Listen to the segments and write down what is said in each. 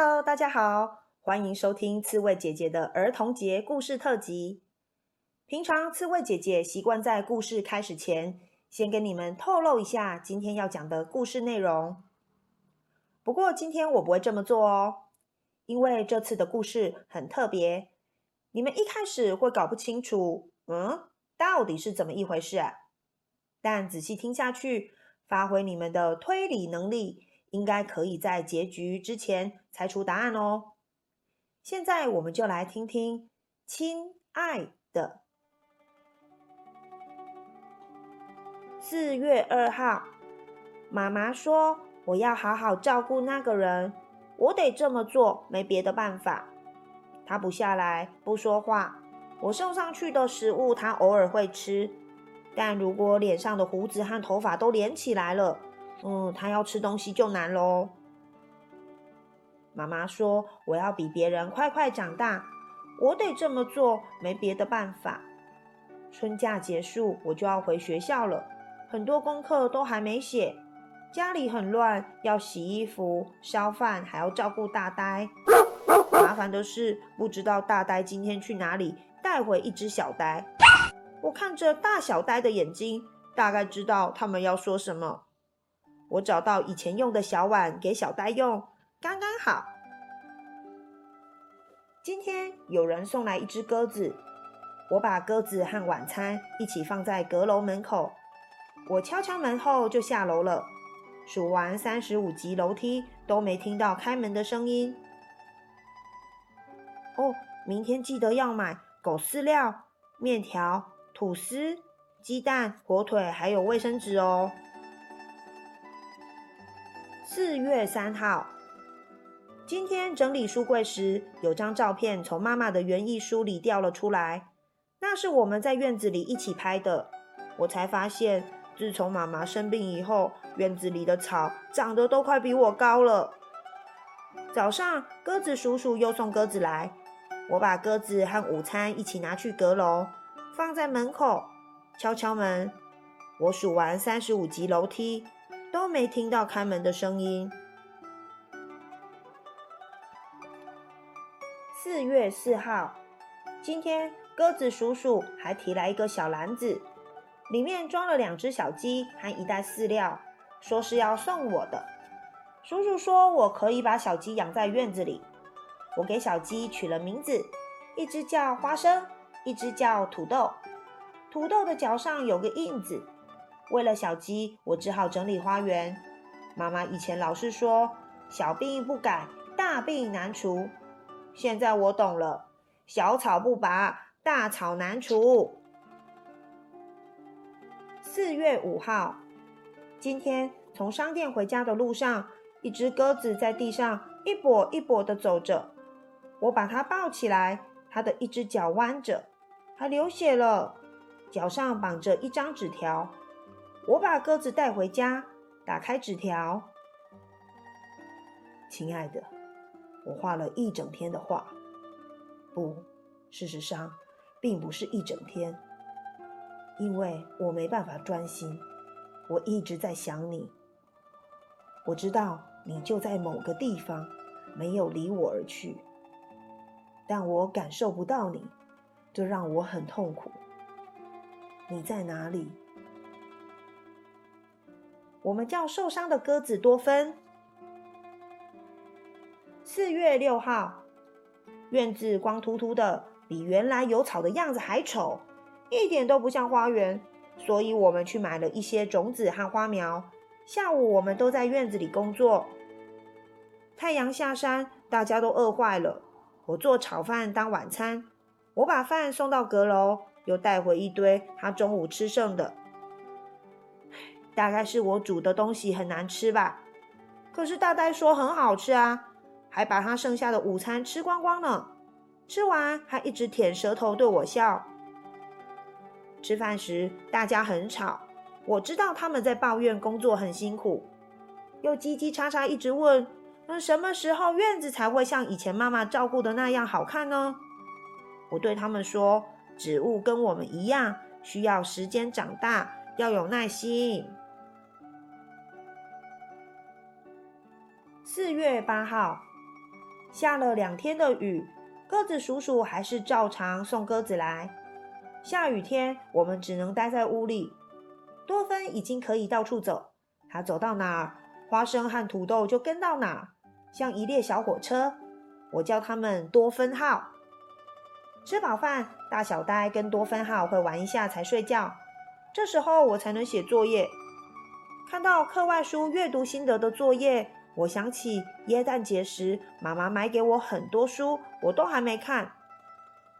Hello，大家好，歡迎收聽刺蝟姐姐的兒童節故事特輯。平常刺蝟姐姐習慣在故事開始前，先跟你們透露一下今天要講的故事內容。不過今天我不會這麼做哦，因為這次的故事很特別，你們一開始會搞不清楚，嗯，到底是怎麼一回事啊。但仔細聽下去，發揮你們的推理能力。應該可以在結局之前猜出答案哦。現在我們就來聽聽，親愛的。四月二號，媽媽說：“我要好好照顧那個人，我得這麼做，沒別的辦法。他不下來，不說話。我送上去的食物，他偶爾會吃。但如果臉上的鬍子和頭髮都連起來了，”嗯，他要吃東西就難嘍。媽媽說：“我要比別人快快長大，我得這麼做，沒別的辦法。”春假結束，我就要回學校了，很多功課都還沒寫，家裡很亂，要洗衣服、燒飯，還要照顧大呆。麻煩的是，不知道大呆今天去哪裡，帶回一隻小呆。我看着大小呆的眼睛，大概知道他們要說什麼。我找到以前用的小碗給小呆用，剛剛好。今天有人送來一隻鴿子，我把鴿子和晚餐一起放在閣樓門口。我敲敲門後就下樓了，數完三十五級樓梯，都沒聽到開門的聲音。哦，明天記得要買狗飼料、麵條、吐司、雞蛋、火腿，還有衛生紙哦。四月三號，今天整理書櫃時，有張照片從媽媽的園藝書裡掉了出來。那是我們在院子裡一起拍的。我才發現，自從媽媽生病以後，院子裡的草長得都快比我高了。早上，鴿子叔叔又送鴿子來，我把鴿子和午餐一起拿去閣樓，放在門口。敲敲門，我數完三十五級樓梯。都沒聽到開門的聲音。四月四號，今天鴿子叔叔還提來一個小籃子，裡面裝了兩隻小雞和一袋飼料，說是要送我的。叔叔說，我可以把小雞養在院子裡。我給小雞取了名字，一隻叫花生，一隻叫土豆。土豆的腳上有個印子。為了小雞，我只好整理花園。媽媽以前老是說“小病不改，大病難除”，現在我懂了，“小草不拔，大草難除”。四月五號，今天從商店回家的路上，一隻鴿子在地上一跛一跛地走着。我把它抱起來，它的一隻腳彎着，還流血了，腳上綁着一張紙條。我把鴿子帶回家，打開紙條。親愛的，我畫了一整天的畫。不，事實上，並不是一整天，因為我沒辦法專心。我一直在想你。我知道你就在某個地方，沒有離我而去，但我感受不到你，這讓我很痛苦。你在哪裡？我們叫受傷的鴿子多芬。四月六號，院子光禿禿的，比原來有草的樣子還醜，一點都不像花園。所以我們去買了一些種子和花苗。下午我們都在院子裡工作。太陽下山，大家都餓壞了。我做炒飯當晚餐。我把飯送到閣樓，又帶回一堆他中午吃剩的。大概是我煮的東西很難吃吧？可是大呆說很好吃啊，還把他剩下的午餐吃光光呢。吃完還一直舔舌頭對我笑。吃飯時大家很吵，我知道他們在抱怨工作很辛苦，又嘰嘰喳喳一直問：那、嗯、什麼時候院子才會像以前媽媽照顧的那樣好看呢？我對他們說：植物跟我們一樣，需要時間長大，要有耐心。四月八號，下了兩天的雨，鴿子叔叔還是照常送鴿子來。下雨天，我們只能待在屋裡。多芬已經可以到處走，他走到哪兒，花生和土豆就跟到哪兒，像一列小火車。我叫他們多芬號。吃飽飯，大小呆跟多芬號會玩一下才睡覺，這時候我才能寫作業。看到課外書閱讀心得的作業。我想起耶誕節時，媽媽買給我很多書，我都還沒看。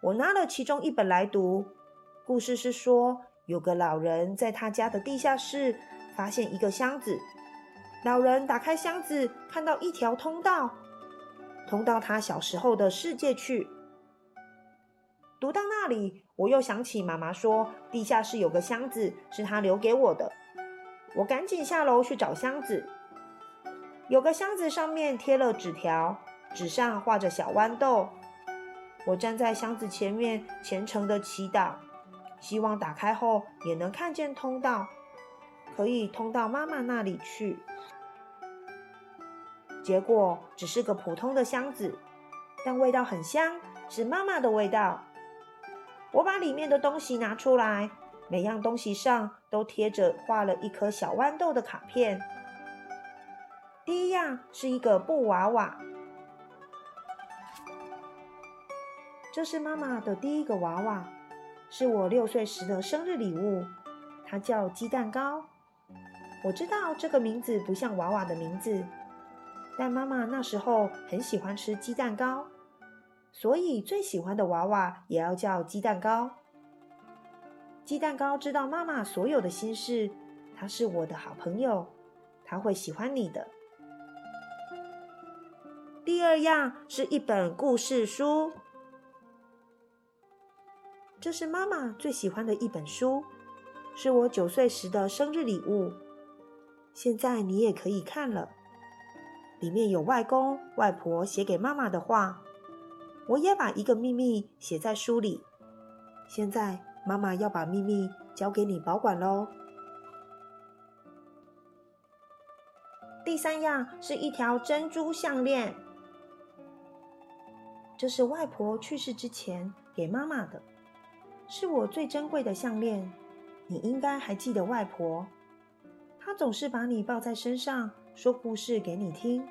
我拿了其中一本來讀，故事是說有個老人在他家的地下室發現一個箱子，老人打開箱子，看到一條通道，通到他小時候的世界去。讀到那裡，我又想起媽媽說地下室有個箱子是她留給我的，我趕緊下樓去找箱子。有個箱子上面貼了紙條，紙上畫着小豌豆。我站在箱子前面虔誠地祈禱，希望打開後也能看見通道，可以通到媽媽那裡去。結果只是個普通的箱子，但味道很香，是媽媽的味道。我把裡面的東西拿出來，每樣東西上都貼着畫了一顆小豌豆的卡片。第一樣是一個布娃娃，這是媽媽的第一個娃娃，是我六歲時的生日禮物。它叫雞蛋糕。我知道這個名字不像娃娃的名字，但媽媽那時候很喜歡吃雞蛋糕，所以最喜歡的娃娃也要叫雞蛋糕。雞蛋糕知道媽媽所有的心事，它是我的好朋友，它會喜歡你的。第二樣是一本故事書，這是媽媽最喜歡的一本書，是我九歲時的生日禮物。現在你也可以看了，裡面有外公外婆寫給媽媽的話，我也把一個秘密寫在書裡。現在媽媽要把秘密交給你保管咯。第三樣是一條珍珠項鏈。這是外婆去世之前給媽媽的，是我最珍貴的項鏈。你應該還記得外婆，她總是把你抱在身上，說故事給你聽。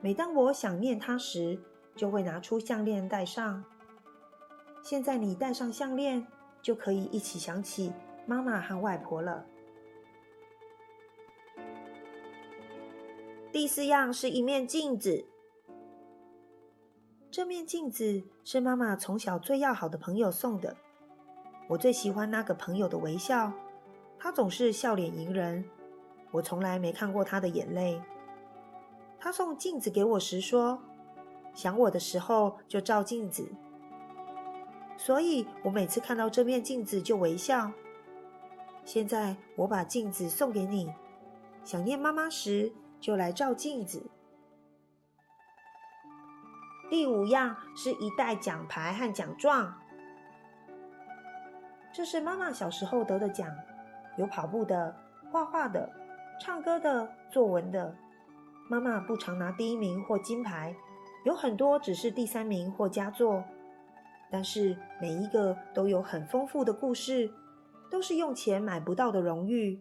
每當我想念她時，就會拿出項鏈戴上。現在你戴上項鏈，就可以一起想起媽媽和外婆了。第四樣是一面鏡子。這面鏡子是媽媽從小最要好的朋友送的。我最喜歡那個朋友的微笑，她總是笑臉迎人，我從來沒看過她的眼淚。她送鏡子給我時說：“想我的時候就照鏡子。”所以，我每次看到這面鏡子就微笑。現在，我把鏡子送給你，想念媽媽時就來照鏡子。第五樣是一袋獎牌和獎狀，這是媽媽小時候得的獎，有跑步的、畫畫的、唱歌的、作文的。媽媽不常拿第一名或金牌，有很多只是第三名或佳作，但是每一個都有很豐富的故事，都是用錢買不到的榮譽。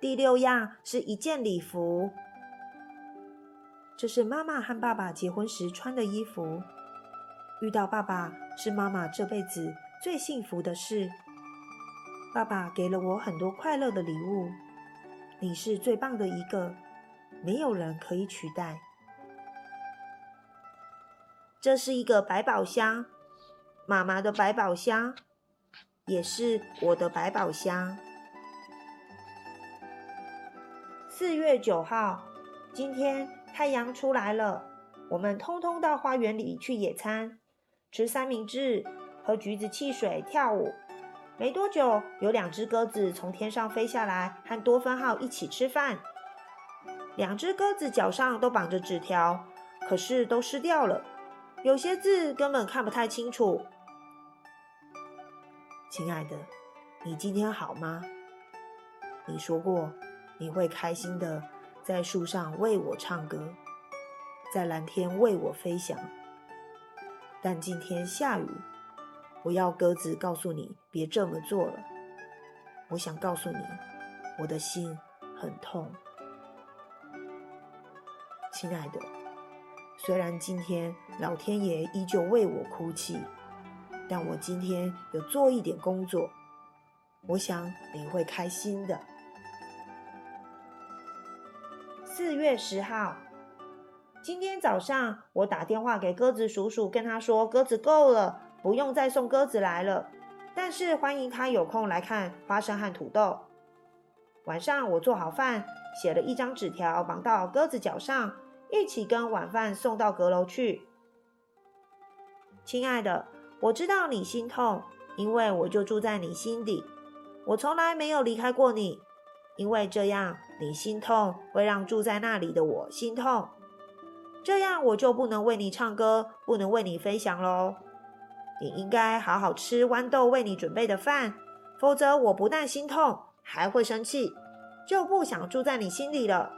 第六樣是一件禮服。這是媽媽和爸爸結婚時穿的衣服。遇到爸爸是媽媽這輩子最幸福的事。爸爸給了我很多快樂的禮物。你是最棒的一個，沒有人可以取代。這是一個百寶箱，媽媽的百寶箱，也是我的百寶箱。四月九號，今天。太陽出來了，我們通通到花園裡去野餐，吃三明治，喝橘子汽水，跳舞。沒多久，有兩隻鴿子從天上飛下來，和多芬號一起吃飯。兩隻鴿子腳上都綁着紙條，可是都濕掉了，有些字根本看不太清楚。親愛的，你今天好嗎？你說過你會開心的。在樹上為我唱歌，在藍天為我飛翔。但今天下雨，我要鴿子告訴你，別這麼做了。我想告訴你，我的心很痛。親愛的，雖然今天老天爺依舊為我哭泣，但我今天有做一點工作，我想你會開心的。四月十號，今天早上我打電話給鴿子叔叔，跟他說鴿子夠了，不用再送鴿子來了。但是歡迎他有空來看花生和土豆。晚上我做好飯，寫了一張紙條綁到鴿子腳上，一起跟晚飯送到閣樓去。親愛的，我知道你心痛，因為我就住在你心底，我從來沒有離開過你。因為這樣，你心痛會讓住在那裡的我心痛。這樣我就不能為你唱歌，不能為你飛翔嘍。你應該好好吃豌豆為你準備的飯，否則我不但心痛，還會生氣，就不想住在你心裡了。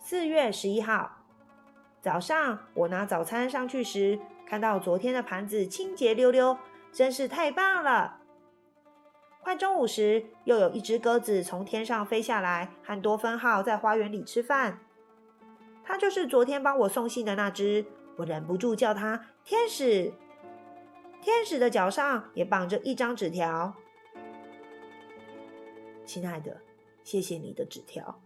四月十一號早上，我拿早餐上去時，看到昨天的盤子清潔溜溜，真是太棒了。快中午時，又有一隻鴿子從天上飛下來，和多芬號在花園裡吃飯。它就是昨天幫我送信的那隻，我忍不住叫它“天使”。天使的腳上也綁着一張紙條：“親愛的，謝謝你的紙條。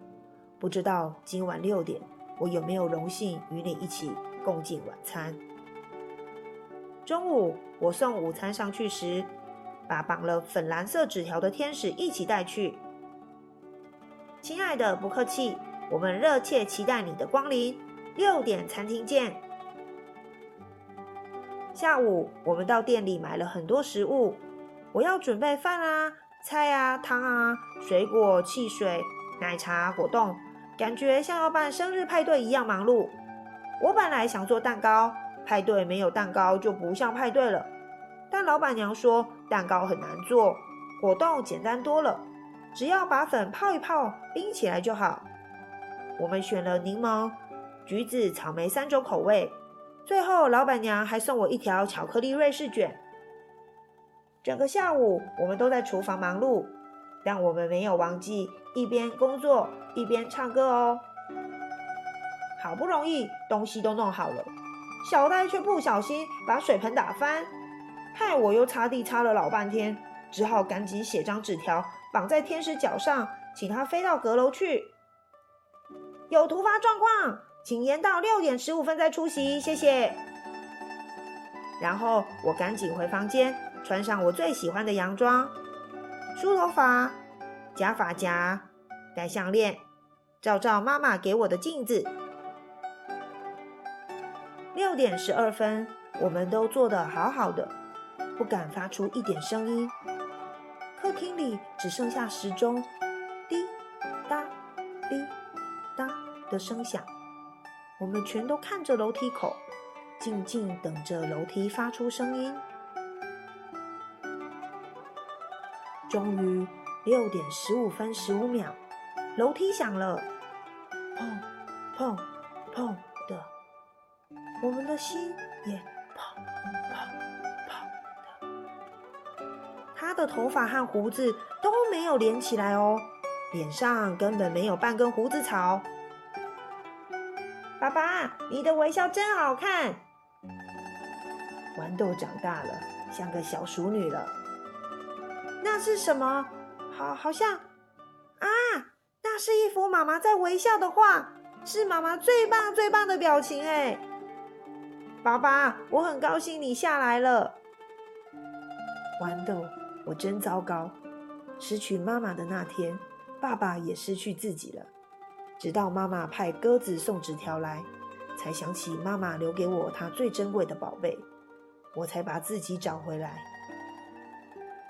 不知道今晚六點，我有沒有榮幸與你一起共進晚餐？”中午我送午餐上去時，把綁了粉藍色紙條的天使一起帶去。親愛的，不客氣，我們熱切期待你的光臨。六點餐廳見。下午我們到店裡買了很多食物，我要準備飯啊、菜啊、湯啊、水果、汽水、奶茶、果凍，感覺像要辦生日派對一樣忙碌。我本來想做蛋糕，派對沒有蛋糕就不像派對了。但老闆娘說蛋糕很難做，果凍簡單多了，只要把粉泡一泡，冰起來就好。我們選了檸檬、橘子、草莓三種口味。最後，老闆娘還送我一條巧克力瑞士捲。整個下午我們都在廚房忙碌，但我們沒有忘記一邊工作一邊唱歌哦。好不容易東西都弄好了，小呆卻不小心把水盆打翻。害我又擦地擦了老半天，只好趕緊寫張紙條綁在天使腳上，請他飛到閣樓去。有突發狀況，請延到六點十五分再出席，謝謝。然後我趕緊回房間，穿上我最喜歡的洋裝，梳頭髮，夾髮夾，戴項鏈，照照媽媽給我的鏡子。六點十二分，我們都做得好好的。不敢發出一點聲音，客廳裡只剩下時鐘滴答滴答的聲響。我們全都看着樓梯口，靜靜等着樓梯發出聲音。終於，六點十五分十五秒，樓梯響了，砰砰砰的，我們的心也。他的頭髮和鬍子都沒有連起來哦，臉上根本沒有半根鬍子草。爸爸，你的微笑真好看。豌豆長大了，像個小淑女了。那是什麼？好，好像啊，那是一幅媽媽在微笑的畫，是媽媽最棒最棒的表情哎。爸爸，我很高興你下來了。豌豆。我真糟糕，失去媽媽的那天，爸爸也失去自己了。直到媽媽派鴿子送紙條來，才想起媽媽留給我她最珍貴的寶貝。我才把自己找回來。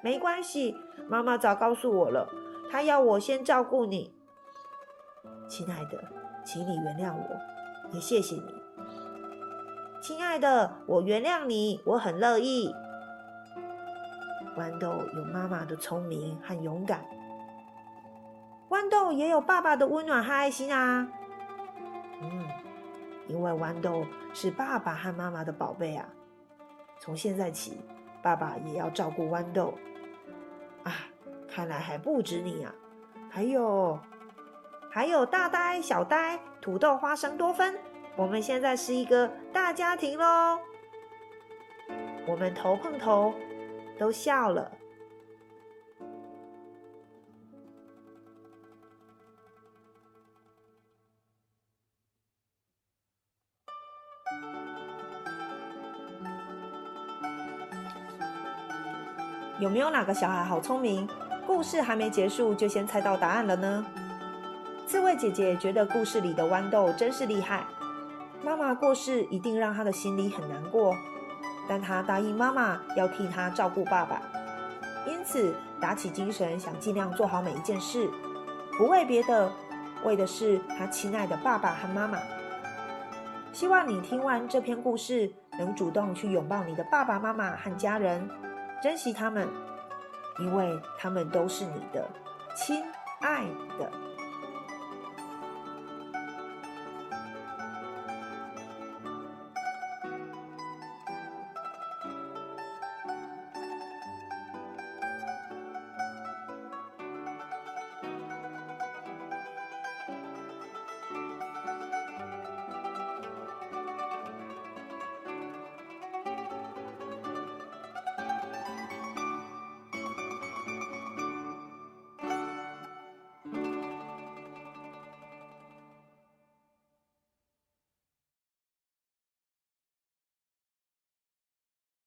沒關係，媽媽早告訴我了，她要我先照顧你。親愛的，請你原諒我，也謝謝你。親愛的，我原諒你，我很樂意。豌豆有媽媽的聰明和勇敢，豌豆也有爸爸的溫暖和愛心啊。嗯，因為豌豆是爸爸和媽媽的寶貝啊。從現在起，爸爸也要照顧豌豆啊。看來還不止你啊，還有，還有大呆、小呆、土豆、花生、多芬，我們現在是一個大家庭嘍。我們頭碰頭。都笑了。有沒有哪個小孩好聰明，故事還沒結束就先猜到答案了呢？刺蝟姐姐覺得故事裡的豌豆真是厲害。媽媽過世一定讓她的心裡很難過。但他答應媽媽要替他照顧爸爸，因此打起精神，想盡量做好每一件事，不為別的，為的是他親愛的爸爸和媽媽。希望你聽完這篇故事，能主動去擁抱你的爸爸媽媽和家人，珍惜他們，因為他們都是你的親愛的。